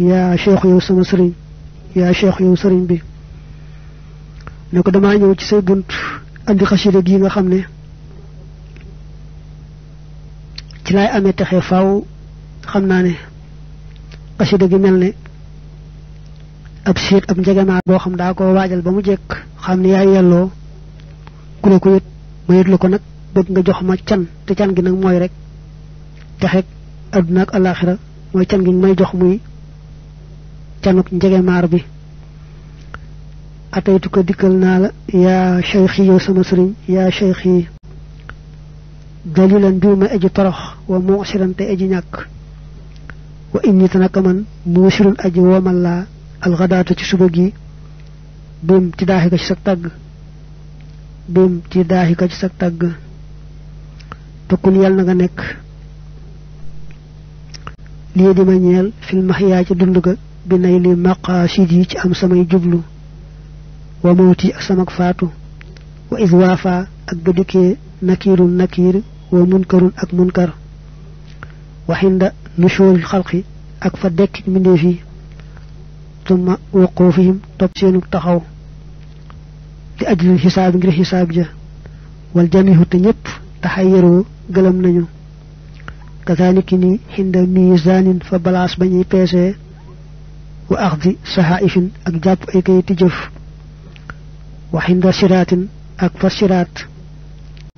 शेयूसरीन या शेख हयू सरीं बि लुकदमा तहफाउ कशी मलेबल तहक अका मंझम canuk njege marbi bi ataytu ko dikkel na la ya cheikhi yo sama serigne ya cheikhi dalilan bi ma aji torokh wa muusiran te aji ñak wa inni tanaka man muusirun aji la al ghadatu ci suba gi bim ci dahi ko ci sag tag buum ci dahi ko ci sag tàgg tokkun yal na nga nek li di ma ñeel fil mahya ci dunduga بنيل مقاصدي ام سمي جبلو وموتي اسمك فاتو واذ وافا اك نكير نكير ومنكر اك منكر وحند نشور الخلق اك فدك من في ثم وقوفهم توب سينو تخاو لاجل الحساب غير حساب جا والجميع تنيب تحيرو غلم نانيو كذلك ني حند ميزان فبلاص بني بيسي واخذ صحائف اك جاب اي كاي تجف وحين سرات اك فسرات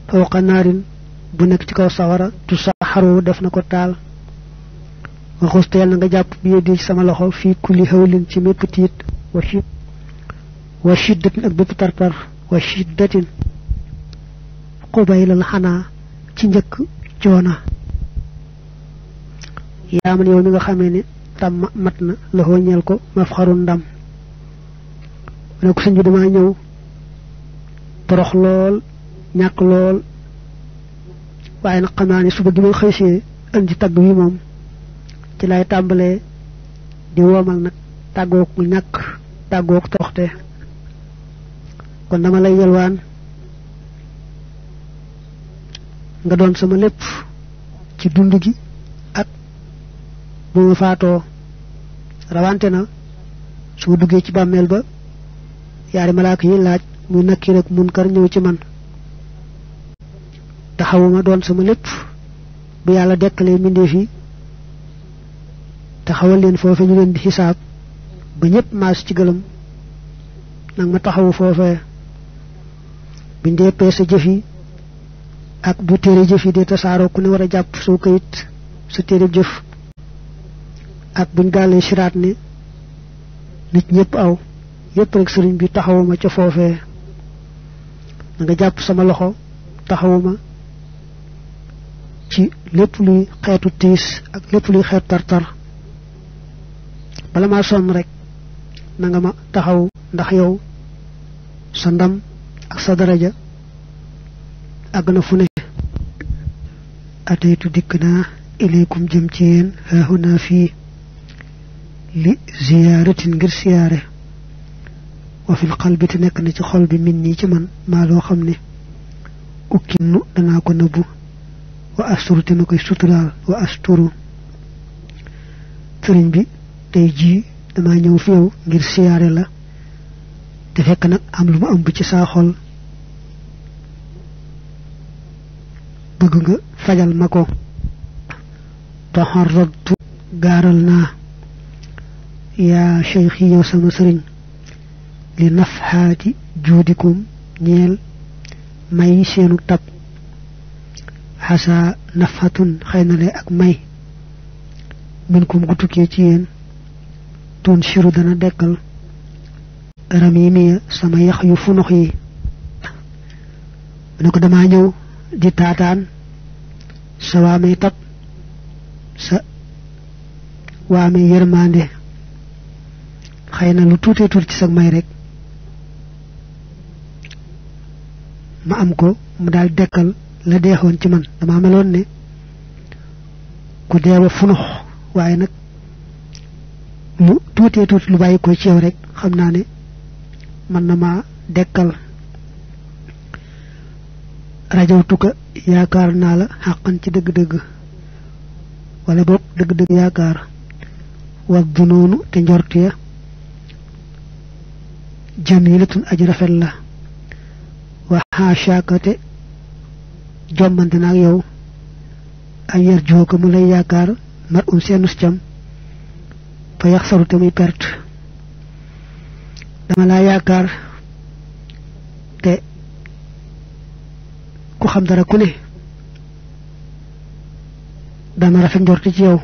فوق نار بنك تكو صورة تسحروا دفنكو تال وخستيال نغا جاب بيدي سما في كل هول تي ميبتيت وشد وشدة اك بفترتر وشدة قبيل الحنا تي نيك جونا يا من يوم نغا tam matna na la ñeel ko mafxaru ndam mu ne ko sëñ bi dama ñëw torox lool ñàkk lool waaye nag xam naa ne suba gi ma xëysee andi tagg wi moom ci lay tàmbalee di woomal nag tàggoog ñàkk tàggoog toxte kon dama lay yelwaan nga doon sama lépp ci dund gi ak bu ma faatoo rawante na su duggee ci bàmmeel ba yaari malaaka yi laaj muy nakki rek munkar ñëw ci man taxawuma doon sama lépp bu yàlla dekkalee mbindeef yi taxawal leen foofe ñu leen di xisaab ba ñëpp maas ci gëlëm nag ma taxawu foofe biñ dee peese jëf yi ak bu téere jëf yi dee tasaaroo ku ne war a jàpp soo kayit sa téere jëf ak buñ galé sirat ni nit ñepp aw yépp rek sëriñ bi taxawuma ci fofé nga japp sama loxo taxawuma ci lepp luy xétu lepuli ak lépp xét tar tartar bala ma son rek nga ma taxaw ndax yow sa ndam ak sa daraja ak na fu ne ateytu dikk naa ilaykum jëm ci yéen haahuna li ziyaaratin ngir siyaare wa fil qalbi te nekk na ci xol bi min nii ci man maa loo xam ne ukkinnu danaa ko nëbbu wa asturu te ma koy suturaal wa asturu sëriñ bi tey jii damaa ñëw fi yow ngir siyaare la te fekk nag am lu ma ëmb ci saa xol bëgg nga fajal ma ko taxarradtu gaaral naa yaa cheikhi yow sama sëriñ li nafxaati juudikum ñeel may seenu tab xasa nafxatun xëy ak may min kum gu tun siru dana dekkal ram sama yax yu funux yi mu ko damaa ñëw di taataan sa waamee tab sa waamee yërmande xëy na lu tuutee tuut ci sag may rek ma am ko mu daal dekkal la deexoon ci man dama meloon ne ku deeba funux waaye nag mu tuutee tuut lu bàyyi ko ci yow rek xam naa ne mën na maa dekkal rajawtuka yaakaar naa la xàqan ci dëgg-dëgg wala boog dëgg-dëgg yaakaar wax du noonu te njort jamilatun aji rafet la waxaa shaakate jommante ak yow añ yar juuka mu lay yaakaar mar um seenus cam fa yax te muy perte dama laa yaakaar te ku xam dara ku ne dama rafet njorti ci yow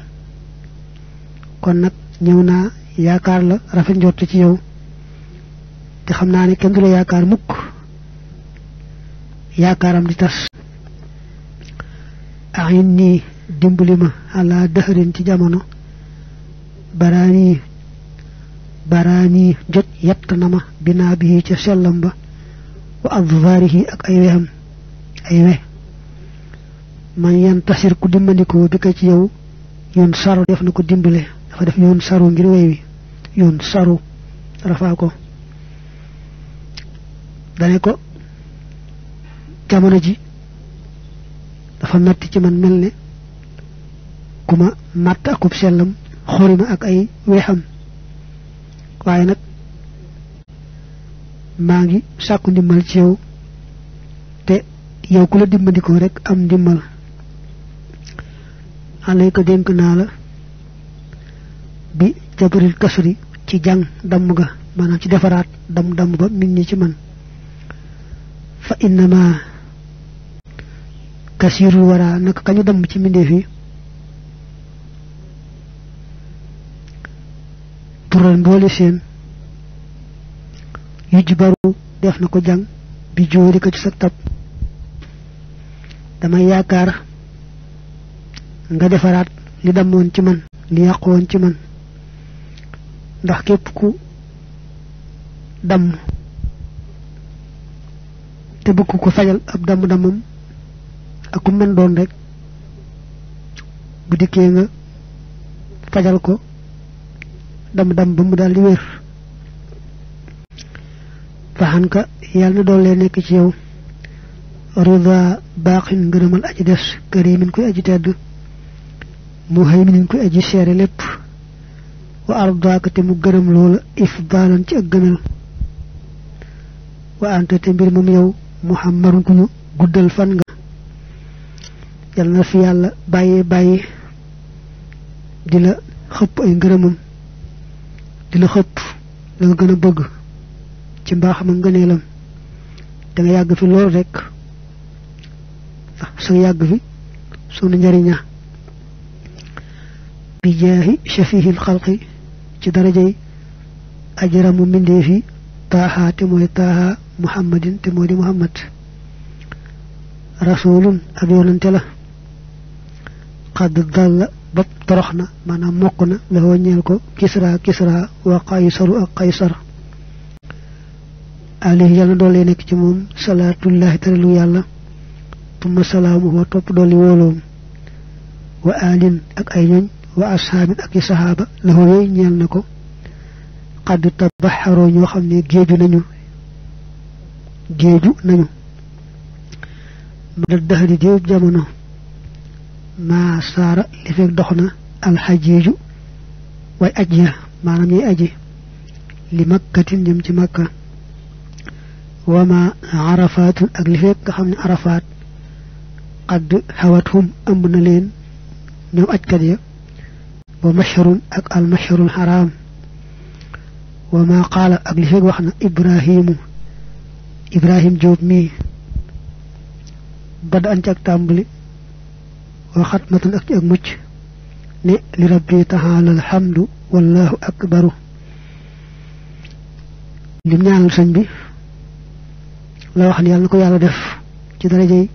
kon nag ñëw naa yaakaar la rafet njorti ci yow te xam naa ne kenn du yaakaar mukk yaakaaram di tas ayin nii dimbali ma àla dëxërin ci jamono baraani baraani jot yett na ma binaa bi ca sellam ba wa advaarihi ak ay wexam ay we man yan tasir ku dimbandikoo bi ko ci yow yoon saru def na ko dimbale dafa def yoon saro ngir wey wi yoon saru rafaa ko dane ko jamono ji dafa metti ci man mel ne ku ma màtt akub sellam xori ma ak ay weexam waaye nag maa ngi sàkku ndimmal ci yow te yow ku la dimbandikoo rek am ndimmal alay ko dénk naa la bi jabaril kasri ci jàng damm ga maanaam ci defaraat dam damm ba mit ñi ci man fa innama kasiru wara nak kañu dem ci minde fi turan mboole sen yujbaru def nako jang bi jori ko ci sa tap dama yaakaar nga defarat li damon ci man li ci man ndax kep ku dam te bëgg ko fajal ab damm dammam ak ku mel doon rek bu dikkee nga fajal ko dam dam ba mu daal di wér ka yàlla na doole nekk ci yow rida baaxin ngërëmal aji des karimin koy aji tedd haymin koy aji seere lépp wa ardaaka te mu gërëm loola ifdaalan ci ak gënal wa anta te mbir moom yow muhammadun ku ñu guddal fan nga yal na fi yàlla bàyyee bàyyi di la xëpp ay ngërëmam di la xëpp la nga gën bëgg ci mbaaxam ak ngëneelam da yàgg fi loolu rekk sa yàgg fi sunu njariña bi jaahi shafihil ci darajay ajramu mbindeef yi taaxaate mooy taaxaa muhammadin te moo di muhammad rasulun ab yonante la qad dalla bab toroxna maanaam mokk na lahoo ñeel ko kisra kisra wa qaysaru ak qaysar alayhi yàlla doole nekk ci moom salaatullahi taralu yàlla tuma salaamu wa topp dooli wóoloom wa alin ak ay ñoñ wa ashaabin ak i sahaaba lahoo yooyu ñeel na ko qad tabaxaroo ñoo xam ne géeju nañu géeju nañu ma daxari géejub jamono maa saara li fekk dox na alxajiiju way aj ya maanaam ñuy aji li makkatin jëm ci makka wama arafaatul ak li fekk nga xam ne arafaat xadd xawat hum ëmb na leen ñoom ajkat ya wa masharun ak almasharul xaraam wama qaala ak li fekk wax na ibrahimu ibrahim Diop mii bad an ci ak tàmbali waxat matan ak ci ak mucc ne li rabbi taala alhamdu wallahu akbaru lim ñaanal sëñ bi la yàlla ko yàlla def ci darajey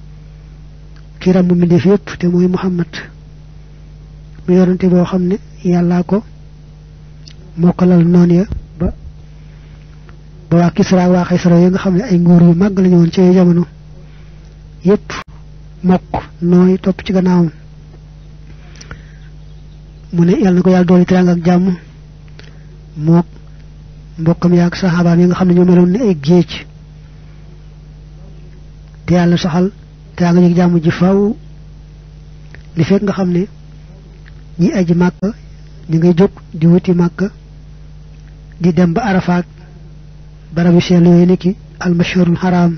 kii ràmb mbindeef yëpp te mooy muhammad mu yorante boo xam ne yàllaa ko mokkalal noon ya ba wa Kisra wa Xaysara yi nga xam ay nguur yu mag lañu won ci jamono yépp mok noy top ci gannaaw mu ne yalla nako yalla doli dooli ak jamm mok mbokam yaag sahaba yi nga xam ñu meloon ni ay geej te yàlla soxal teraanga ñu jamm ji faaw li fek nga xam ñi aji makka ñi ngay jóg di wuti makka di dem ba arafat barabu sel yooyu niki al haram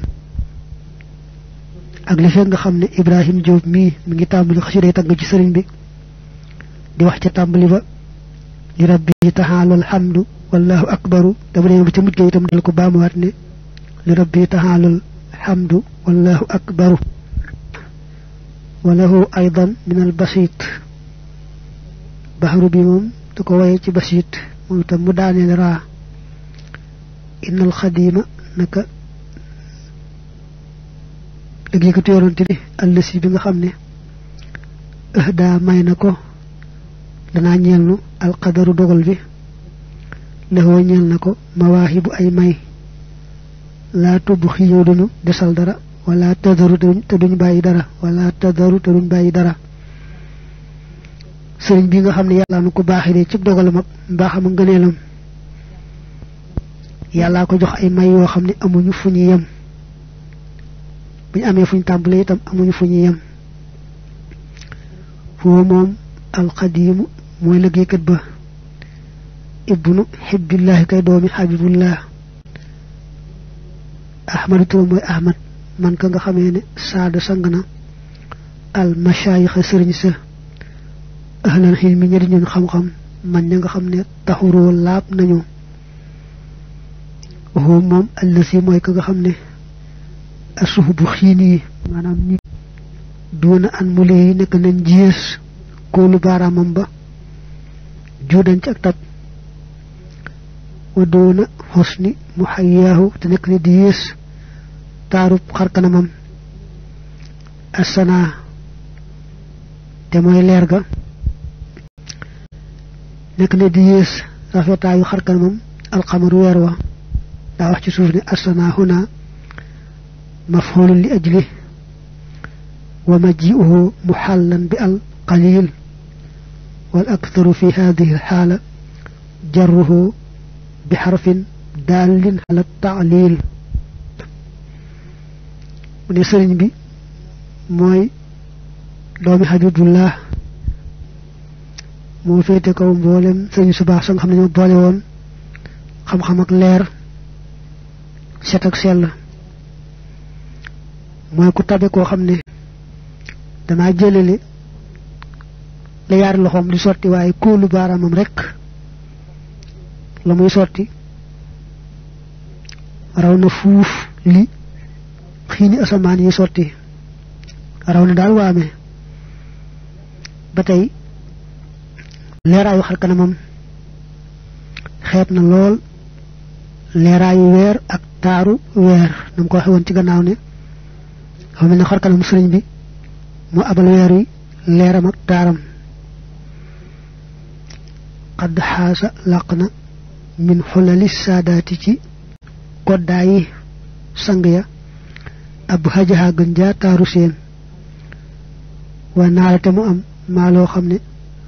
ak li fek nga xamne ibrahim Diop mi mi ngi tàmbali xasiday tag ci sëriñ bi di wax ci tàmbali ba li rabbi ta'ala alhamdu wallahu akbaru da bari bu ca mujj itam dal ko wat ne li rabbi ta'ala alhamdu wallahu akbaru وله أيضا من البسيط بحر بيوم تكوي بسيط ملتم داني لراه innal xadiima naka ak yëkkati yonante bi allasi bi nga xam ne daa may na ko dana ñeel nu alqadaru dogal bi lexoo ñeel na ko mawaahibu ay may laa tubb xi yow duñu desal dara wala tadaru te duñ bàyyi dara wala tadaru te duñ bàyyi dara sëriñ bi nga xam ne yàlla nu ko baaxee de cib dogalam ak mbaaxam ak ngëneelam yalla ko jox ay may yo xamni amuñu fuñu yam buñu amé fuñu tambulé fu ñu tàmbalee itam amuñu fu ñu yem foo moom alxadiimu mooy liggéeykat ba ibnu hibbillah kay doomi habibullah ahmad to moy ahmad man ka nga xamé ne saadu sangna al mashayikh sëriñ sa ahlan xilmi ñari ñun xam-xam man nga xamne tahuru lab nañu waxoo moom allasi mooy ka nga xam ne asuuf bu xiin yi maanaam ni duuna an mu lay nekk nañ jiyees kóolu baaraamam ba juudañ ci ak tab wa duuna xosni mu xayaahu te nekk ne di yees taarub xarkanamam asana te mooy leer ga nekk ne di yees rafetaayu xarkanamam alxamaru weer wa دا وخشي سوفني أرسلنا هنا مفهول لأجله ومجيئه محلا بالقليل والأكثر في هذه الحالة جره بحرف دال على التعليل من يسرين بي موي دوم حدود الله موفيتكم fete ko mbolem seigne souba sax xamna لير set ak sell mooy ku tabe koo xam ne danaa jëlale la yaari loxoom di sotti waaye kóolu baaraamam rek la muy sotti raw na fuuf li xiini asamaan yi sotti raw na daal waame ba tey leeraayu kanamam xeeb na lool leeraayu weer ak taaru weer nam ko waxe woon ci gannaaw ne xam mel ne xarkanam sëriñ bi moo abal weer wi leeram ak taaram qad xaasa làq na min xulali saadaati ci koddaayi sang ya ab hajaha gën jaa taaru seen wa naalate mu am maa loo xam ne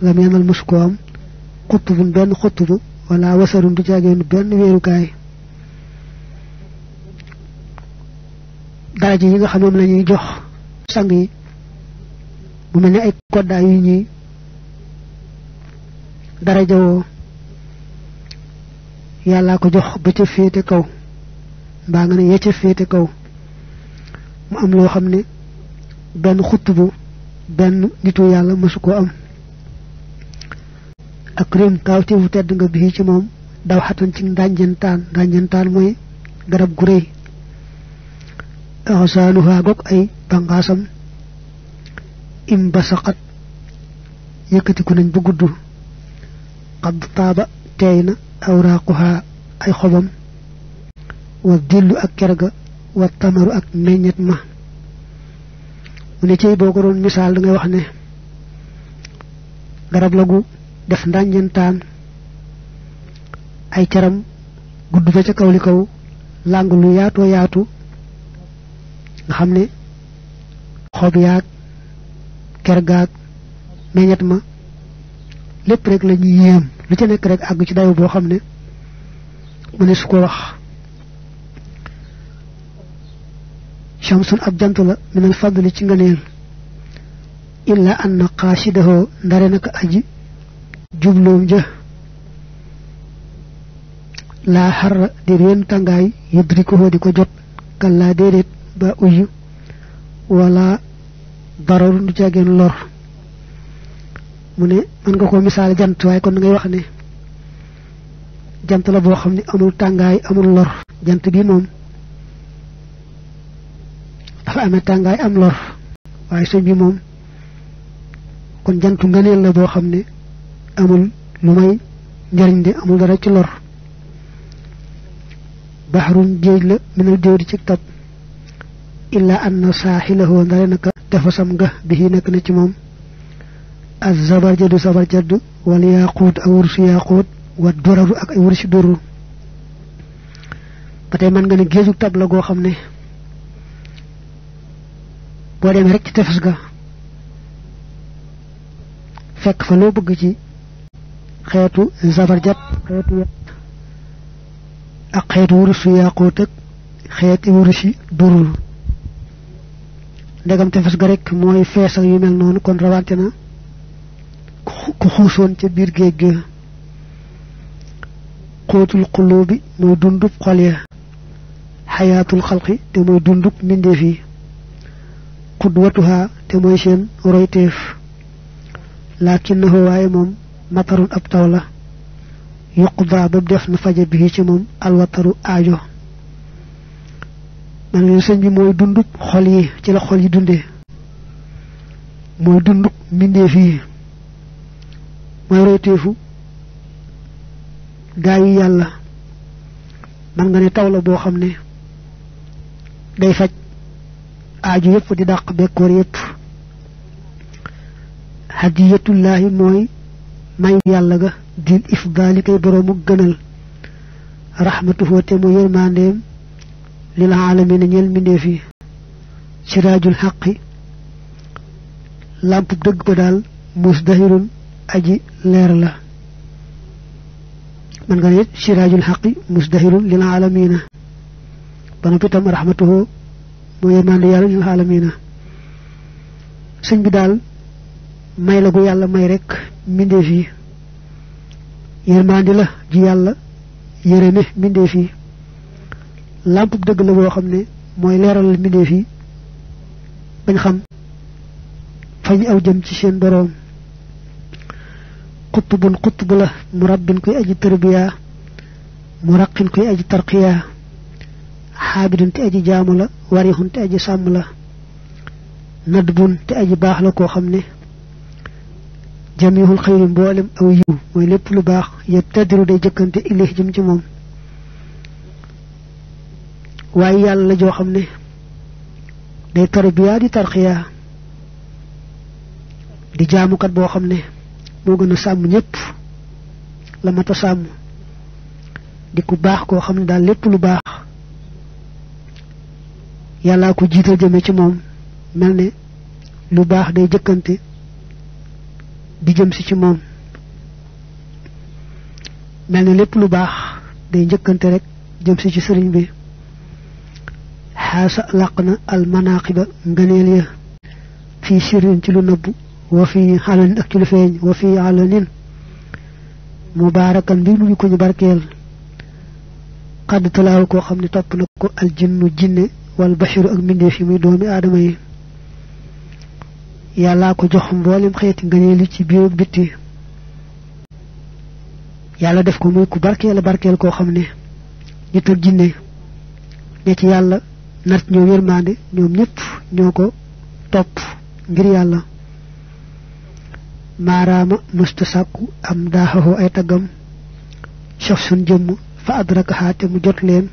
lam yanal musu ko am xutubun benn xutubu wala wasarun du jaageenu benn weerukaay daraja yi nga xam moom la ñuy jox sang yi mu mel ni ay koddaay yu ñuy daraja woo yàllaa ko jox ba ca féete kaw mbaa nga ne ya féete kaw mu am loo xam ne benn xutt bu benn nitu yàlla mësu koo am ak rim kaw ci bu tedd nga bii ci moom daw xatan ci ndànjantaan ndànjantaan mooy garab gu rëy axsaanuha gog ay bangaasam im ba saqat yëkkatiku nañ ba gudd xadd taaba teey na awraaquha ay xobam wa dillu ak kerga wa tamaru ak meññet ma mu ne cey boo ko doon misaal da wax ne garab la def ndànjantaan ay caram gudd ba ca kaw li kaw làng lu yaatoo yaatu nga xam ne xob yaag ker gaag ma lépp rek la ñuy yéem lu ca nekk rek àgg ci dayo boo xam ne mu ne su ko wax shamsun ab jant la minal fadli ci ngëneel illa an na xaasidahoo ndare naka aji jubloom ja laa xarra di réen tàngaay yudrikuhoo di ko jot kallaa déedéet ba uyu wala dararun du caageen lor mu ne mën nga koo misaale jant waaye kon da ngay wax ne jant la boo xam ne amul tàngaay amul lor jant bi moom amee tàngaay am lor waaye sëñ bi moom kon jantu ngëneel la boo xam ne amul lu may njariñ de amul dara ci lor baxarun géej la minal déw di ci tab illaa anna saaxilahu ndare naka dafa sam nga bihi nekk na ci moom az zabarjadu zabarjadu wal ak wursu yaaquut wa doraru ak ay wursi doru mën nga ne géeju la goo xam ne boo fekk fa loo bëgg ci xeetu zabarjat xeetu ak ndegam tefes ga rek mooy fees ak yu mel noonu kon rawante na ku xuusoon ca biir géej ga xóotul xuloo bi mooy dundub xol ya xayaatul xalqi te mooy dundub mbindeef yi xudwatuhaa te mooy seen royteef lakinnahu waaye moom matarun ab taw la yuqdaa def na faja bi ci moom alwataru aajo ma ne ci la yi dundee mooy dundub mbindeef yi mooy man nga ne taw la boo xam ne day faj aaju yëpp di dàq bekkoor yëpp hadiyatullaahi mooy may yàlla ga dil ifdaali kay boroomu gënal rahmatuhu te mu yërmandeem lil aalamiina ñeel mbindeef yi siraajul xaqi làmp dëgg ba daal musdahirun aji leer la man nga ne it siraajul xaqi musdahirun lil aalamiina ba noppi itam rahmatuhu moo yërmande yàlla lil aalamiina sëñ bi daal may la gu yàlla may rek mbindeef yi yërmande la ji yàlla yërëme mbindeef yi làmpub dëgg la boo xam ne mooy la mbindeef yi bañ xam fañ aw jëm ci seen boroom xutbun xutb la mu rabbin koy aji tërbiyaa mu raqin koy aji tarqiyaa xaabidun te aji jaamu la warixun te aji sàmm la nadbun te aji baax la koo xam ne jamihul xëyri mboolem aw yiw mooy lépp lu baax yëpp taddiru day jëkkante ilih jëm ci moom waaye yàlla la joo xam ne day tarbiya di tarxiya di jaamukat boo xam ne moo gën a sàmm la mata di ku baax koo xam ne daal lépp lu baax yàllaa ko jiital jëme ci moom mel ne lu baax day jëkkante di jëm si ci moom mel ne lépp lu baax day njëkkante rek jëm si ci sëriñ bi xaasa làq na almanaaqiba ngëneel ya fii sirin ci lu nëbbu wa fii alanin ak ci lu feeñ wa fii alanin mubaarakan mbir mu ñu ko ñu barkeel xadd talaaw koo xam ne topp na ko aljinnu jinne wal bashiru ak mbindeef yi muy doomi aadama yi yàllaa ko jox mboolem xeeti ngëneel yi ci biir bitti yàlla def ko muy ku barkeel barkeel koo xam ne nit ak jinne ne ci yàlla nar ñoo yërmaande ñoom ñëpp ñoo ko topp ngir yàlla maaraama mësta sàkku am daaxaxoo ay taggam sof sun jëmm fa adrakaha te mu jot leen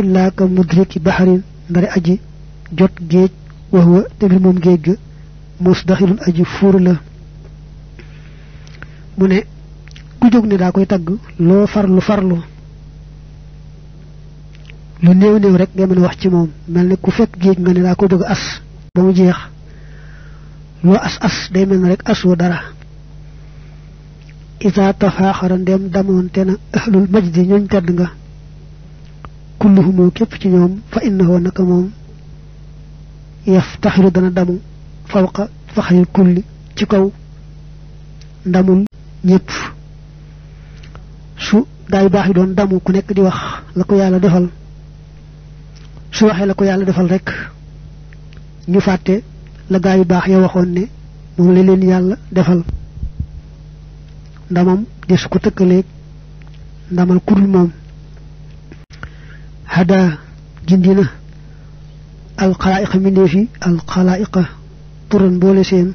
illaa ka mudriki baxarin aji jot géej wax wa te mbir moom géej ga musdaxilun aji fuur la mu ne ku jóg ne daa koy tagg loo farlu farlu lu néew néew rek nga mën a wax ci moom mel ni ku fekk géej nga ne daa ko bëgg as ba mu jeex loo as as day mel ne rek asoo dara isa tafaaxara ndem damoonte na ahlul majdi ñooñ tedd nga kulluhumoo képp ci ñoom fa innahoo naka moom yaf taxiru dana damu fawqa faxayul kulli ci kaw ndamul ñëpp su gaay baax yi doon damu ku nekk di wax la ko yàlla defal su waxe la ko yàlla defal rek ñu fàtte la gaay yu baax ya waxon ne moom leen yàlla defal ndamam des ko tekkale ndamal kudul mom hada jindina alxalaayiqa mbindeefi alxalaayiqa turan boole seen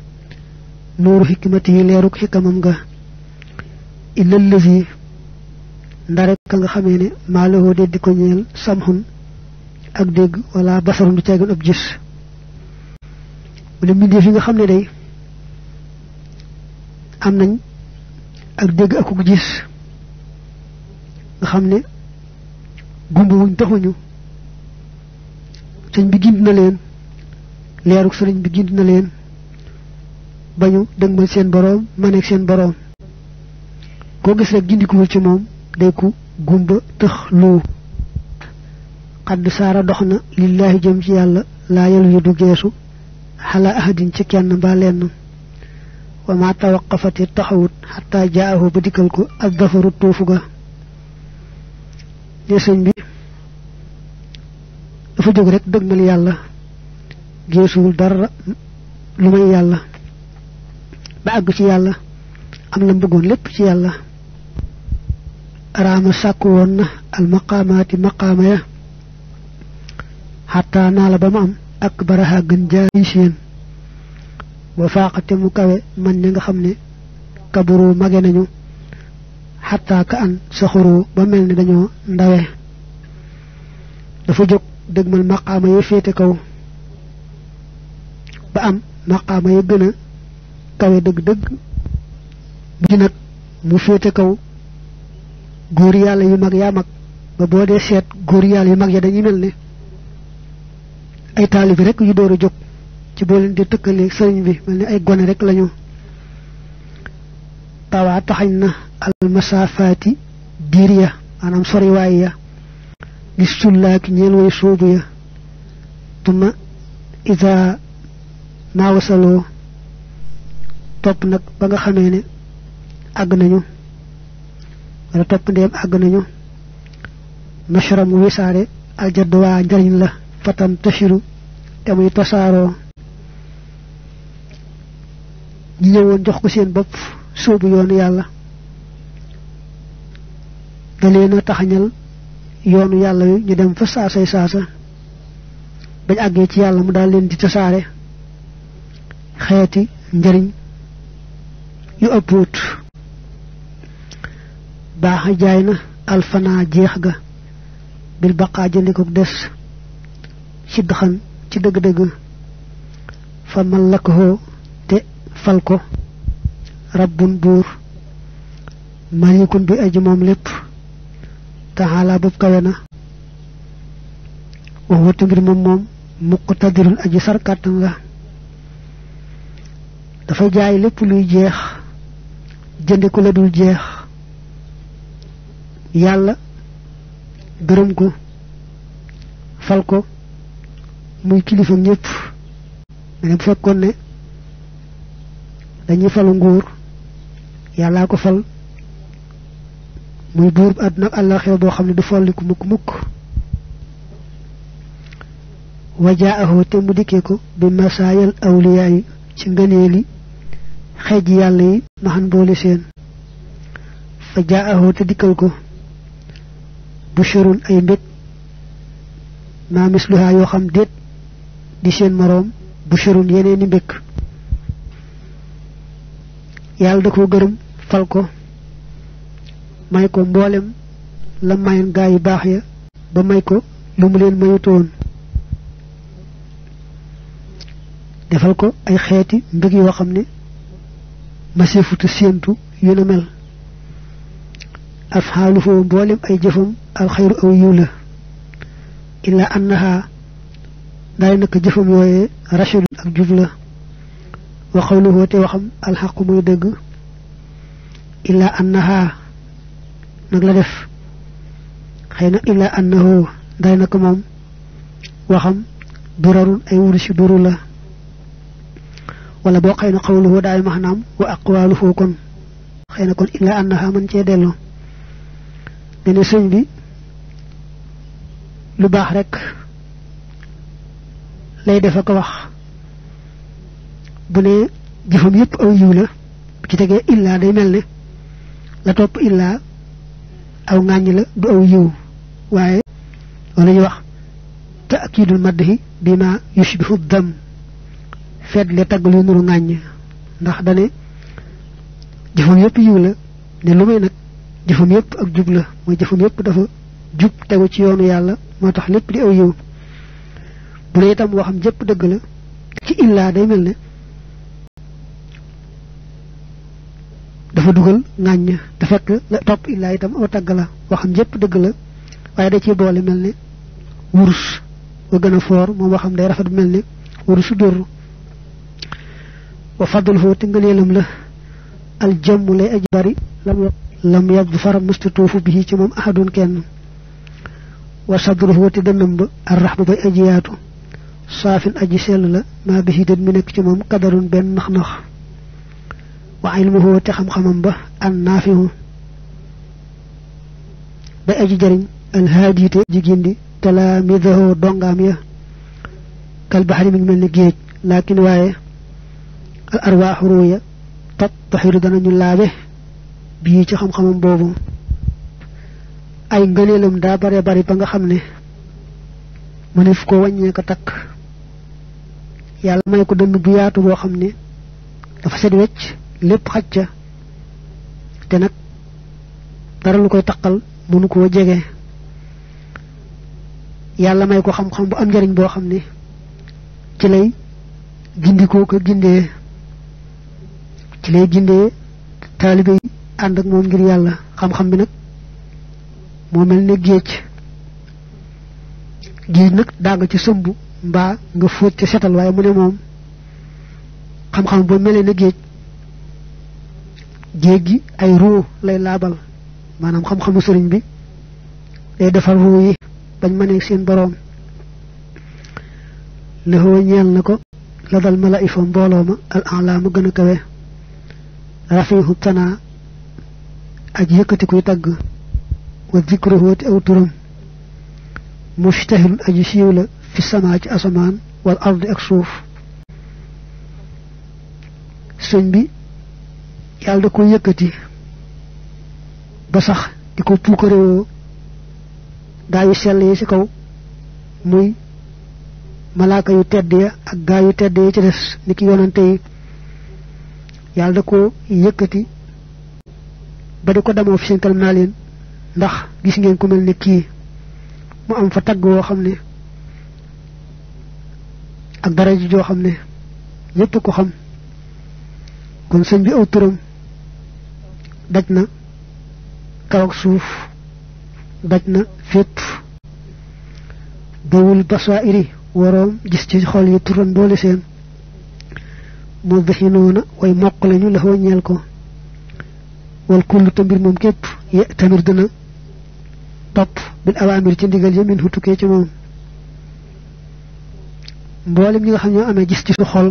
nuuru xikmati yi leeruk xikamam nga ilal lëfi ndarekal nga xamee ne de diko ñeel samhun ak dégg wala basarun du caagin ab gis mu ne mbindeef yi nga xam ne day am nañ ak dégg akuk gis nga xam ne gumba wuñ taxuñu sëñ bi gind na leen leeruk sëriñ bi gind na leen bañu dëg ma seen boroom ma nekk seen boroom koo gis rek gindikuwul ci moom day ku gumba tëx luu xadd saara dox na lillaahi jëm ci yàlla laayal yu du geesu xala ahadin ci kenn mbaa lenn wa ma tawaqafati taxawut xataa jaahu ba dikkal ko ak dafaru tuufu ga ne sëñ bi dafa jóg rek dëgmal yàlla geesuwul dara lu may yàlla ba àgg ci yàlla am la mbëggoon lépp ci yàlla araama sàkku woon na almaqaamaati maqaama ya xataa naa la ba ma am ak baraxa gën jaay si boo wa faaqate mu kawe man ña nga xam ne kaburoo mage nañu xataa ka an saxuroo ba mel ni dañoo ndawe dafa jóg dëgmal maqaama yi féete kaw ba am maqaama yi gën kawe dëgg-dëgg bi nag mu féete kaw góor yàlla yu mag yaa mag ba boo dee seet góor yàlla yu mag ya dañuy mel ne ay taalibi rek yu door a jóg ci boo leen di tëkkaleeg sëriñ bi mel ni ay gone rek lañu tawaa taxañ na almasafaati diir ya maanaam soriwaay ya li sullaaki ñeel way soobu ya tuma isa naawasaloo topp nag ba nga xamee ne àgg nañu wala topp ndeem àgg nañu nashram wisaare aljadduwaa njariñ la fatam tashiru te muy tasaaroo ñi ñëwoon jox ko seen bopp sóobu yoonu yàlla da leen a taxañal yoonu yàlla wi ñu dem fa saasay saasa bañ àggee ci yàlla mu daal leen di tasaare xeeti njëriñ yu ëppuut baax jaay na alfana jeex ga bil baqaa jëndikook des ci dëxan ci dëgg-dëgg fa mallakahoo te fal ko rabbun buur malikun bi aji moom lépp taxaalaa boobu kawe na wax wata mbir moom moom muqtadirun aji sarkàttan la dafa jaay lépp luy jeex jënde ku la dul jeex yàlla gërëm ko fal muy kilifa ñëpp ma ne bu fekkoon ne dañuy falu nguur yàllaa ko fal muy buur bu àdduna ak àllaaxira boo xam ne du folliku mukk mukk wajaahu te mu dikkee ko bi masaayal awliyaa yi ci ngëneeli xeej yàlla yi maxan boole seen fa te dikkal ko bu shurun ay mbég maa misluha yoo xam déet di seen morom bu sherun yeneeni mbékk yàlla da ko gërëm fal ko may ko mbollem la mayen gaay yu baax ya ba may ko lu mu leen mayutoon defal ko ay xeeti mbég yoo xam ne masifutu sentu yu na mel afhaluhu mbollem ay jëfum al khayru aw yula illa annaha داي نك جيفم يوي رشيد اك جوفلا وقوله تي وخم الحق موي الا انها نك خينا الا انه داي نك وخم درر اي ورشي درو ولا بو قوله داي مخنام واقواله كون خينا كون الا انها من تي دلو دني سيغ lay defe ko wax bu ne jëfam yépp aw yiw la bu ci tegee illaa day mel ne la topp illaa aw ŋàññ la du aw yiw waaye wala ñu wax taakidul madhi bi ma yushbihu dam fedd le tagg lu nuru ŋàññ ndax dane jëfam yépp yiw la ne lu may nag jëfam yépp ak jub la mooy jëfam yépp dafa jub tegu ci yoonu yàlla moo tax lépp di aw yiw bu dee itam waxam jëpp dëgg la ci illaa day mel ne dafa dugal ŋàññ te fekk la topp illaa itam aw tàgg la waxam jëpp dëgg la waaye da ciy boole mel ne wurus wa gën a foor moom waxam day rafet mel ne wurusu dóor wa fadluhu te ngëneelam la al jëmm lay aji bari lam lam yab fara mustatuufu bi ci moom ahadun kenn wa sadruhu te dënnam ba ar raxbu bay aji yaatu صاف اجي سل لا ما به دن منك تي موم قدر بن نخ نخ وعلمه تخم خمم با النافع با اجي جارين الهادي تي جي جندي تلاميذه دونغام يا كل بحر من ملني جيج لكن واي الارواح رويا تطهر دنا ني لاوي بي تي خم خمم بوبو اي غنيلم دا بري بري باغا خمني منيف كو واني كا تاك yàlla may ko dënn bu yaatu boo xam ne dafa set wecc lépp xaj ca te nag dara lu koy taqal mënu koo jege yàlla may ko xam-xam bu am njariñ boo xam ne ci lay gindikoo ko gindee ci lay gindee taalibe ànd ak moom ngir yàlla xam-xam bi nag moo mel ni géej géej nag daa nga ci sëmb mbaa nga fóot ca setal waaye mu ne moom xam-xam ba mele géej géej gi ay ruu lay laabal maanaam xam-xamu sëriñ bi day defar ruu yi bañ ma nekk seen boroom lëxoo ñeel na ko la dal mala ifa mbooloo ma al ala ma gën a kawe rafihu tanaa ak yëkkati kuy tagg wa zikruhu aw turam mustahil aju siiw la fi samaa ci asamaan wal ardi ak suuf sëñ bi yàlla da ko yëkkati ba sax di ko puukarewoo gaa yu sell yi ci kaw muy malaaka yu tedd ya ak gaa yu tedd ya ci des ni ki yonante yi yàlla da ko yëkkati ba di ko damoo fi seen kalmaalin ndax gis ngeen ku mel ne kii mu am fa tagg woo xam ne ak dara ji jo xamne ñépp ko xam kon sëñ bi aw turam daj kaw ak suuf dajna fet fépp dawul basairi worom gis ci xol yi turam boole seen moo bixinoona way mokk lañu la ho ñel ko wal kullu te mom kep ya tamir dana top bil awamir ci ndigal ya min hutukee ci mom mbolim ñi nga xam ñoo amee gis ci su xol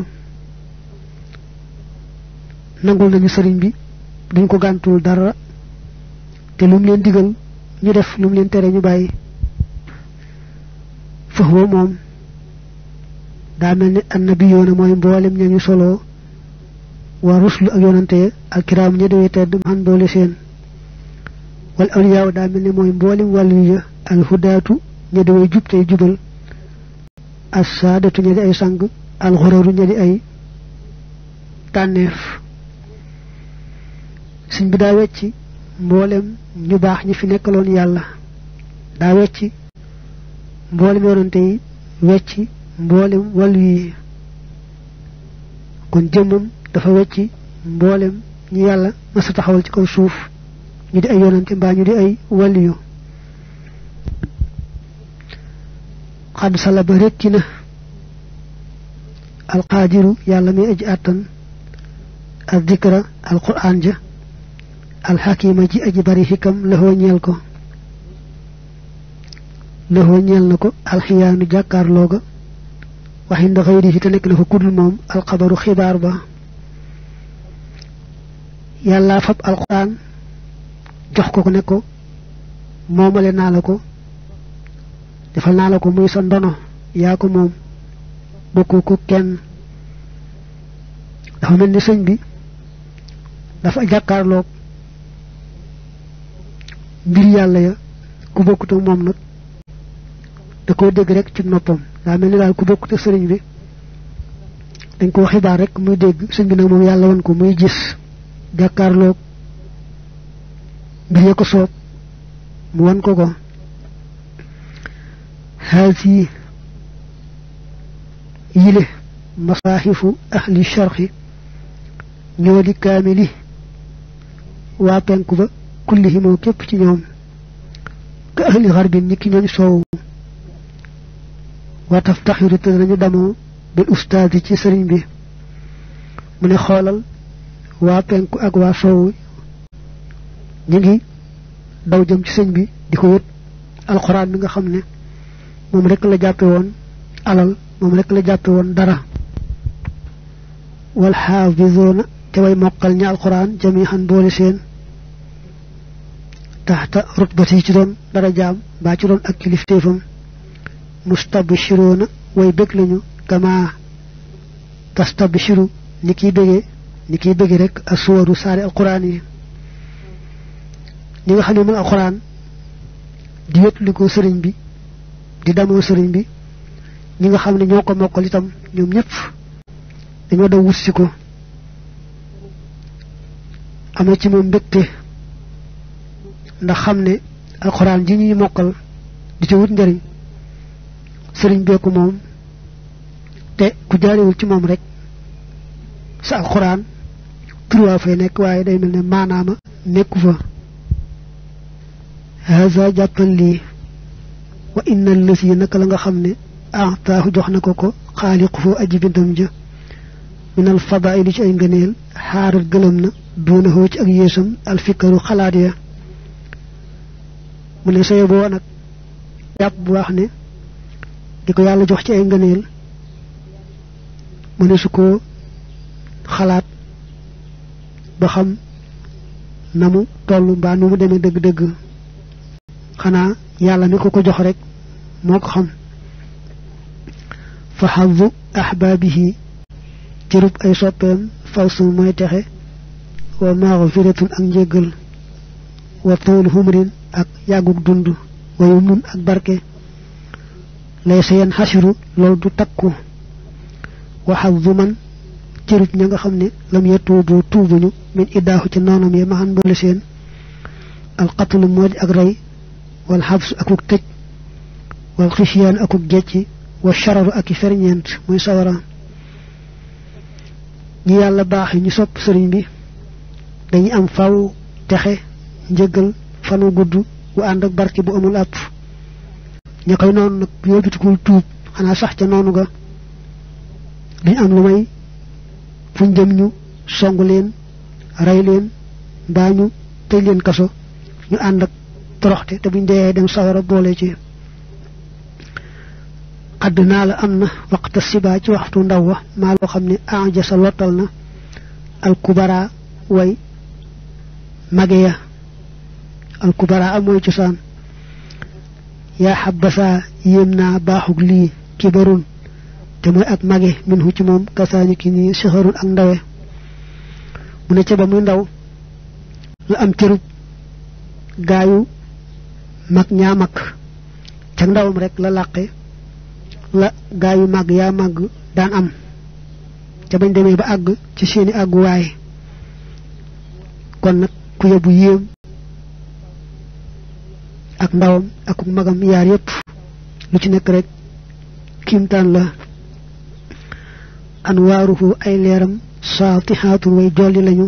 nangul nañu sëriñ bi duñ ko gantul dara te lu mu leen digal ñu def lu mu leen tere ñu bàyyi fahwa moom daa mel ni annabi yoona mooy mboolem ñañu solo wa ruslu ak yonante ak kiraam ñi dewe tedd man doole seen wal awliyaaw daa mel ni mooy mboolem wàllu ya al hudaatu ñi dewe jub tey jubal asadatu ña ay sang al ghururu di ay tanef sin bi da wecci mbolem ñu baax ñi fi nekkaloon yàlla da wecci mbolem yonante yi wecci mbolem walwi yi kon jëmum dafa wecci mbolem ñi yàlla masa taxawal ci kaw suuf ñu di ay yonante mbaa ñu di ay walwi yu قد صلب ركنا القادر يعلم اجاتا الذكر القران جا الحكيم جي اجبر حكم له نيلكو له نيل نكو الخيان جاكار لوغا وحين غيره تنك له كل موم القبر خبار با يالا فاب القران جخكو نكو مومالي نالكو defal naa la ko muy sa ndono yaa ko moom bokkoo ko kenn dafa mel ni sëñ bi dafa jàkkaarlook mbir yàlla ya ku bokkut moom nag da koo dégg rek ci noppam daa mel ni daal ku bokkut ak sëriñ bi dañ koo xibaar rekk muy dégg sëñ bi nag moom yàlla woon ko muy gis jàkkaarloog mbir ya ko soob mu won ko ko هذه إله مصاحف أهل الشرق نول كامله وابنكوا كلهم وكبتنهم كأهل غرب نكنا نسو وتفتح رتنا دمو بالأستاذ جسرين به من خالل وابنكوا أقوى سو نجي دو جمج سنبي ديكوير القرآن من خمنه moom rek la jàppe alal moom rek la jàppe woon dara wal xaafizuuna te way mokkal ñi alquran jamihan boole seen taxta rutbati ci doon dara jaam mbaa ci doon ak kilifteefam mustabshiruuna way bëgg lañu kama tastabshiru ni kiy bëggee ni kiy bëggee rek ak suwaru saari alquran yi di wétli ko sëriñ bi di danoo sëriñ bi ñi nga xam ne ñoo ko mokkal itam ñoom ñëpp dañoo daw wut ko amee ci moom mbégte ndax xam ne alxuraan ji ñuy mokkal di ci wut njëriñ sëriñ bee ko moom te ku jaarewul ci moom rek sa alxuraan turwaa fay nekk waaye day mel ne maanaama nekku fa haza jàppal lii وإن الذي نكل خمن أعطاه جحنا كوكو خالق فو أجب دمجة من الفضائل شيء جنيل حار الجلمنا دونه أجيسم الفكر خلاديا من سيبو أنا yap bu wax ne diko yalla jox ci ay ngeneel mune suko xalaat ba xam namu tollu ba nu mu yàlla mi ko ko jox rek moo ko xam fa xazu ahbaabihi cërub ay soppeem fawsun mooy texe wa maghfiratun ak njéggal wa toolu humrin ak yàggug dund wa yumnun ak barke lay sa yan xasiru loolu du takku wa xazu man cërub ña nga xam ne lam yetuubu tuubuñu min iddaaxu ci noonam yi maxan mbële seen alqatlu moo di ak rey wal xabs akuk tëj wal xisiyaan akuk jecci wa shararu ak ferñeent muy sawara ñi yàlla baax ñu sopp sëriñ bi dañuy am faw texe njëggal fanu gudd wu ànd ak barke bu amul àpp ña koy noonu nag yóbbitukul tuub xanaa sax ca noonu ga am lu may fuñ ñu leen leen leen kaso ñu ànd ak toroxte te buñ dee dem sawara boole ci àddunaa la am na waxta sibaa ci waxtu ndaw wa maa loo xam ne sa lottal na kubara way mage ya alkubara amooy cosaan yaa xabbasaa yéem naa baaxug lii kibarun te mooy ak mage min hu ci moom kasaani ki nii saxarun ak ndawe mu ne ca ba muy ndaw la am cërub gaayu mag nyamak mag ca ndawam rek la làqe la gaa mag yaa mag daan am ca bañ demee ba àgg ci seeni àgguwaay kon nag ku yóbbu yéem ak ndawam ak magam yaar yépp lu ci nekk rek kiimtaan la anwaaruhu ay leeram saatihaatun way jolli lañu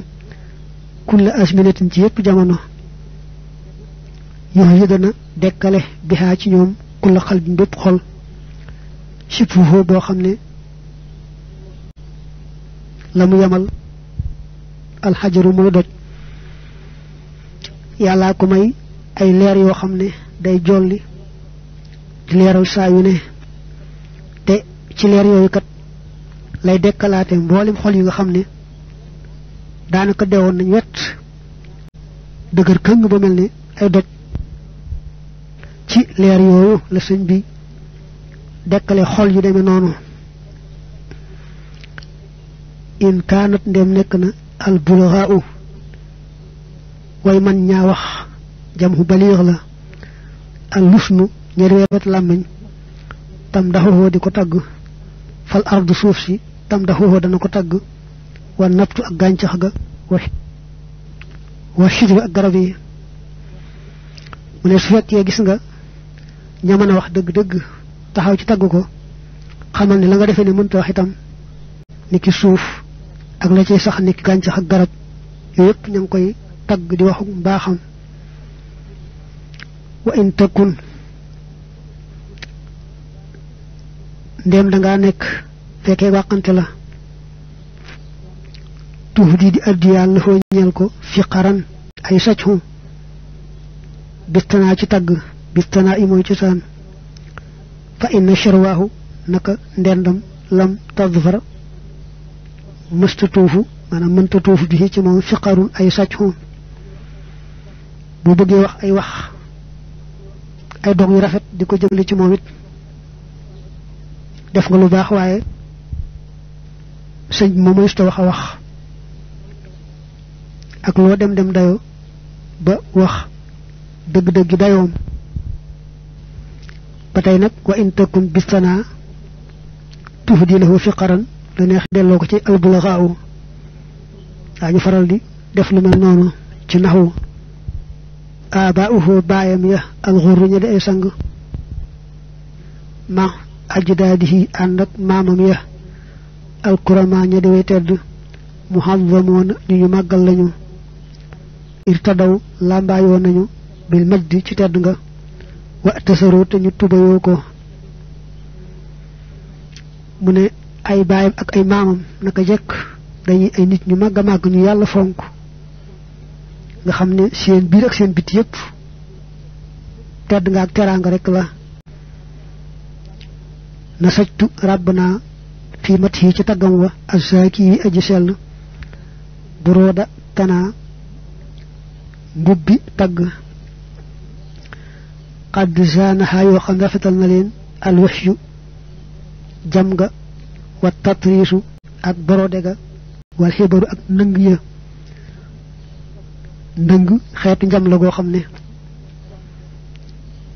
kulla asminatin ci yépp jamono yox yi dana dekkale bihaa ci ñoom kulla xal bi bépp xol si fuufoo boo xam ne la mu yemal alxajaru mooy doj yàllaa ko may ay leer yoo xam ne day jolli di leeral saa yu ne te ci leer yooyu kat lay dekkalaate mboolem xol yi nga xam ne daanaka deewoon nañ wet dëgër këng ba mel ne ay doj ci leer yooyu la sëñ bi dekkale xol yu deme noonu in kaanat ndem nekk na al bulagaau way man ñaa wax jam hu la al lusnu ñari wet làmmiñ tam daxuhoo di ko tagg fal ardu suuf si tam daxuhoo dana ko tagg wa nabtu ak gàncax ga wa wa xijru ak garab yi mu gis nga ña wax dëgg-dëgg taxaw ci tagg ko xamal ne la nga defee ni mënta wax itam ni ki suuf ak la ciy sax ni ki gàncax ak garab yooyu yëpp ña koy tagg di waxu mbaaxam wa in takun ndéem dangaa nekk fekkee wàqante la tuuf di di addi yàlla foo ñeel ko fi xaran ay saccu bistanaa ci tagg bi tanaa'i mooy cosaan fa inna sharwahu, naka ndendam lam tadfara mësta tuufu maanaam mënta tuufu bi ci moom fiqarun ay sàccu bu bëggee wax ay wax ay dog yu rafet di ko jëmale ci moom it def nga lu baax waaye sëñ bi sta wax wax ak loo dem dem dayo ba wax dëgg-dëgg dayoom batay nak wa in takum bisana tufdi lahu fiqran da neex delo ko ci al bulaghaa'u ñu faral di def lu mel nonu ci naxu aba'uhu bayam ya al ghurru ñi day sang ma ajdadihi andak mamam ya al kurama ñi de way tedd muhazzamun ñu magal lañu irtadaw lambayo nañu bil majdi ci tedd nga wa tasaroo te ñu tubayoo ko mu ne ay baayam ak ay maamam naka jekk dañuy ay nit ñu màgg a màgg ñu yàlla fonk nga xam ne seen biir ak seen biti yépp tedd nga ak teraanga rek la na sajtu rabbana fii mat yi ci taggam wa azzaaki yi aji sell burooda tanaa mbubbi tagg xadd zaanaha yoo xam rafetal na leen alwaxyu jam ga wa tatriisu ak borode ga wal xibaru ak ndëng ya xeetu njam la goo xam ne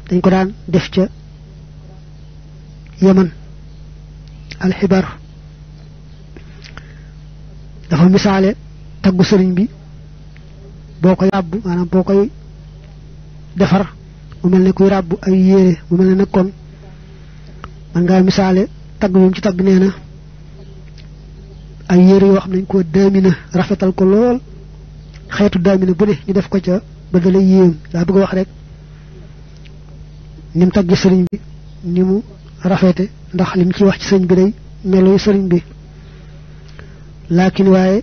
dañ ko daan def ca yaman alxibar dafa misaale taggu sëriñ bi boo koy àbb maanaam boo koy defar mu mel ne kuy ràbb ay yére mu mel ne nag kon man ngaa misaale tagg moom ci tagg nee na ay yére yoo xam nañ ko daamina rafetal ko lool xeetu daamina bu ne ñu def ko ca ba dalay yéem daa bëgg wax rek ni mu taggi sëriñ bi ni mu rafete ndax lim ci wax ci sëriñ bi day meloy sëriñ bi laakin waaye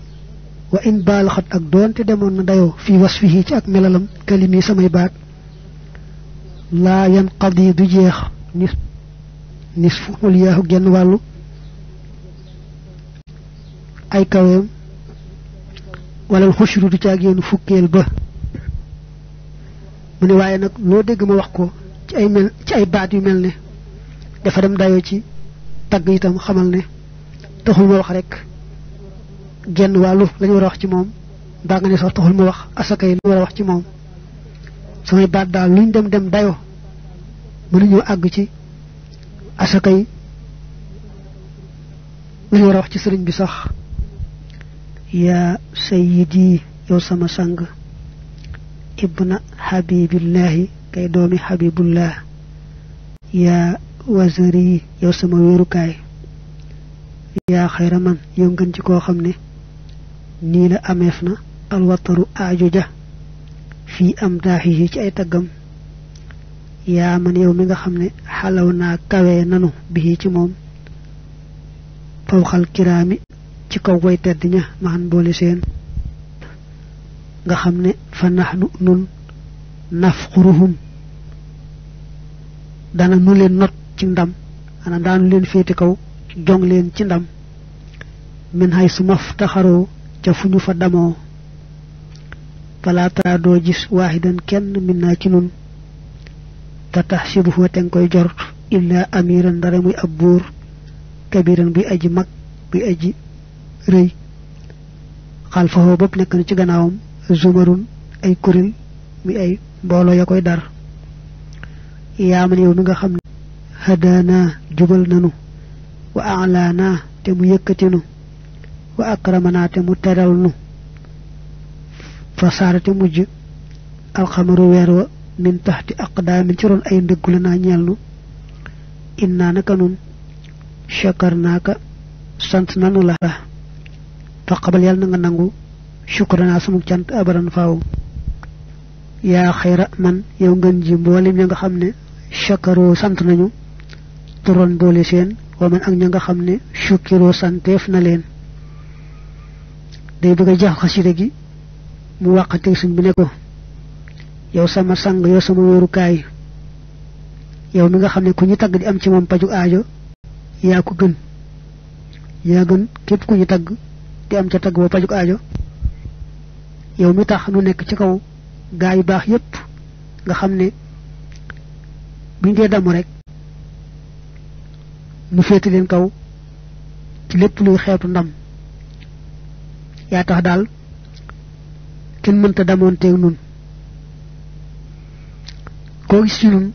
wa in baalaxat ak doonte demoon na dayoo fii wasfihi ci ak melalam kalimi samay baat لا ينقضي دجيخ نصف نصف الياه جن والو اي كويم ولا الخشر تجاجين فكيل به من واي نك لو دغ ما واخكو تي اي مل تي اي بات يو ملني دا فا دم دايو تي تاغ يتام خمال ني تخول ما واخ رك جن والو لا نيو واخ تي موم داغ ني سو تخول ما واخ اسكاي لا واخ تي موم sama baat daal luñ dem dem dayo ñu ag ci asaka ñu wara wax ci sëriñ bi sax ya sayyidi yow sama sang ibna habibillahi kay doomi habibullah ya wazari yow sama wéerukaay ya xayra man yow ngën ci koo xam ne nii la ameef na alwataru aajo fii am daax yi ci ay taggam yaa man yow mi nga xam ne xalaw naa kawee nanu bi ci moom fawxal kiraami ci kaw way tedd ña maxan boole seen nga xam ne fa nax nu nun naf xuruhum dana nu leen not ci ndam ana daanu leen féete kaw jong leen ci ndam min hay su maf taxaroo ca fu ñu fa damoo fala tara doo gis waaxidan kenn min naa ci nun te taxsibuhu te nga koy jort illa amiran dara muy ab buur kabiran buy aji mag buy aji rëy xalfaxoo bopp nekk na ci gannaawam zumarun ay kuréel muy ay mbooloo ya koy dar yaaman yow mi nga xam ne hadaanaa jubal nanu wa alaanaa te mu yëkkatinu wa akramanaa te mu teral nu fa saarati mujj al khamru wa min tahti aqdaamin ci ron ay ndëggu la naa ñelnu innaa naka nun shakar sant nanu la fa qabal nga nangu sumu cant abaran faaw ya khaira man yow ya ngeen ji mbolim nga xamne shakaru sant nañu turon boole sen wa man ak nga xamne shukiru santef na len day bëgg jax xasida gi mu wàqati sëñ bi ne ko yow sama sang yow sama wéerukaay yow mi nga xam ne ku ñu tagg di am ci moom paju aajo yaa ko gën yaa képp ku ñu tagg am ca tagg ba paju aajo yow mi tax nu nekk ci kaw gaa yu baax yépp nga xam ne buñ dee damu rek mu féete leen kaw ci lépp luy xeetu ndam yaa tax daal kenn mënta damoonteeg nun koo gis ci nun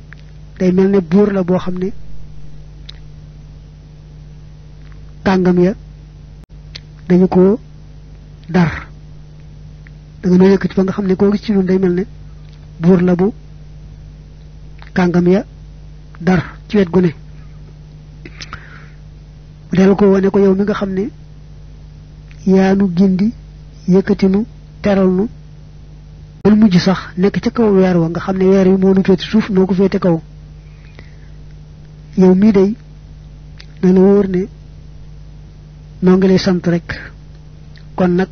day mel ne buur la boo xam ne kàngam ya dañu ko dar da nga noo yëkkati ba nga xam ne koo gis ci nun day mel ne buur la bu kàngam ya dar ci wet gu ne del ko wane ko yow mi nga xam ne yaa nu gindi yëkkati nu teral nu bay mujj sax nekk ca kaw weer wa nga xam ne weer wi moo nu féete suuf noo ko féete kaw yow mii day na la wóor ne noo ngi lay sant rek kon nag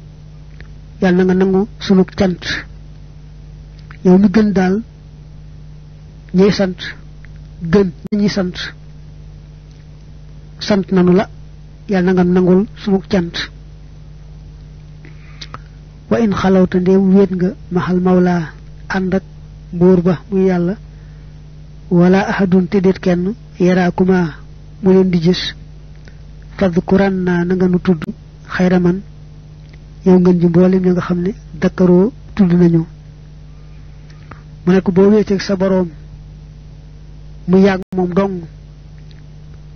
yàlla na nga nangu sunu cant yow mi gën daal ñuy sant gën ñuy sant sant nanu la yàlla na nga nangul sunu cant wa in khalawta de wet nga mahal mawla andak bur ba muy yalla wala ahadun te ken yarakuma mu len di gis fadhkuranna na nga nu tuddu yang man yow ngeen ji mbolim nga xamne dakaro tuddu nañu mu bo wete ak sa borom mu yag mom dong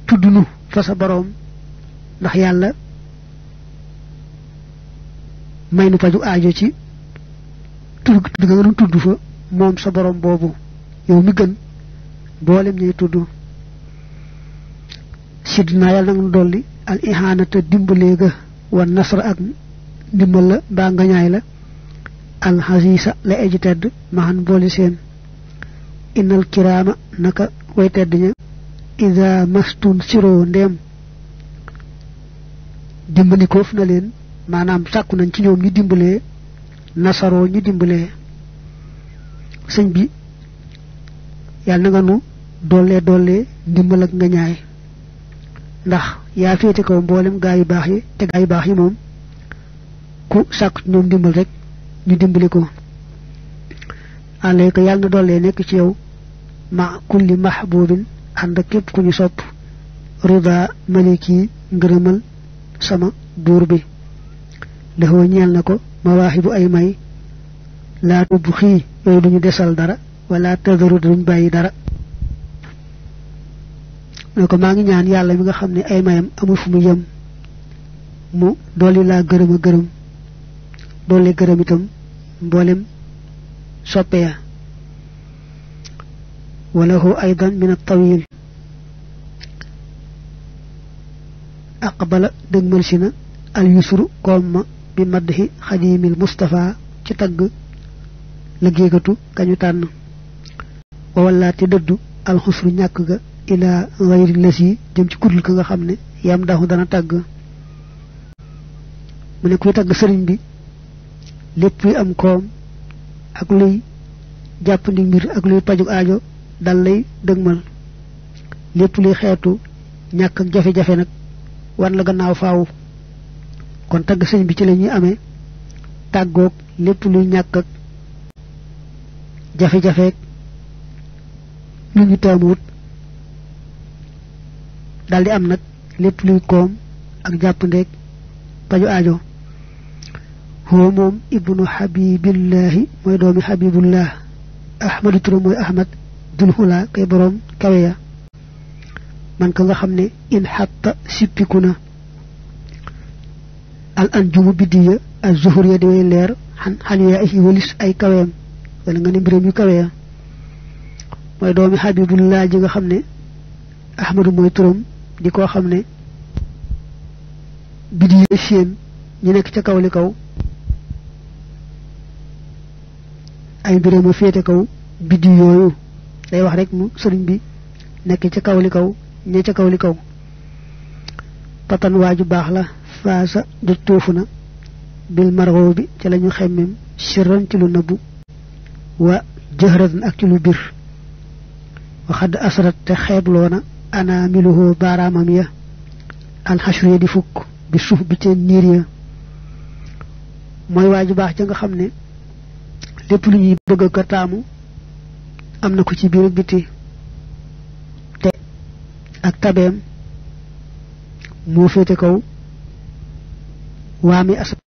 tuddu nu fa sa borom ndax yalla may nu paju aajo ci tudd bi nga doon tudd fa moom sa borom boobu yow mi gën boolem ñuy tudd siddinaa yàlla nag nu dolli al ihanata dimbalee ga wa nasra ak ndimbal la mbaa nga ñaay la alxasiisa la eji tedd maxan booli seen inal kiraama naka way tedd ña ida mastun siroo ndeem dimbalikof na leen manam sakku nañ ci ñoom ñu dimbalé nasaro ñu dimbalé señ bi yalla nga nu dolé dolé dimbal ak nga ñaay ndax ya fété ko mbolim gaay bax yi te gaay bax yi mom ku sak ñoom dimbal rek ñu dimbalé ko àllayka ko yalla dolé nek ci yow ma kulli mahbubin ànd kep ku ñu sopp rida maliki sama buur bi dafa ñeel na ko mawaaxi bu ay may laa tubb xii yooyu duñu desal dara wala tadaru duñu bàyyi dara ne ko maa ngi ñaan yàlla mi nga xam ne ay mayam amul fu mu yem mu dolli laa gërëm gërëm dolli gërëm mboolem soppe ya walahu aydan min at-tawil aqbala dëgmal si na al koom ma bi madhi xadimil Moustapha ci tagg liggéeykatu kañu tànn wa wallaa te dëddu alxusru ñàkk ga ilaa gayri les yi jëm ci kudul ka nga xam ne yam daxu dana tàgg mu ne kuy tagg sëriñ bi lépp luy am koom ak luy jàppandi mbir ak luy paju aajo dal lay dëgmal lépp luy xeetu ñàkk ak jafe-jafe nag wan la gannaaw faaw kon tagg sëñ bi ci lañuy ñuy amee tàggoog lépp luy ñàkk ak jafe-jafeeg lu ñu taamuwut am nag lépp luy koom ak jàppandeeg paju ajo huwa moom ibnu xabibillahi mooy doomi xabibullah ahmadu turam mooy ahmad dul xulaa kay boroom kawe ya man ko nga xam ne in xatta sippiku na al anjumu biddi ya al zuhur ya di way leer xan xaliyaa yi walis ay kaweem wala nga ne mbiram yu kawe ya mooy doomi xabibullah ji nga xam ne ahmadu mooy turam di koo xam ne biddi nekk ca kaw li kaw ay mbiram a féete kaw biddi yooyu day wax rek mu sëriñ bi nekk ca kaw li kaw ñe ca kaw li kaw patan waaju baax la sa du tuufu na bil marwo bi ci lañu xemmem sirran ci lu nëbbu wa jëxëran ak ci lu bir waxadd asrat te xeebloona anaamiluhoo baaraamam ya alxasru ya di fukk bi suuf bi ca niir ya mooy waa baax ca nga xam ne lépp lu ñuy bëgg ko taamu am na ko ci biir biti te ak tabeem moo féete kaw waami asab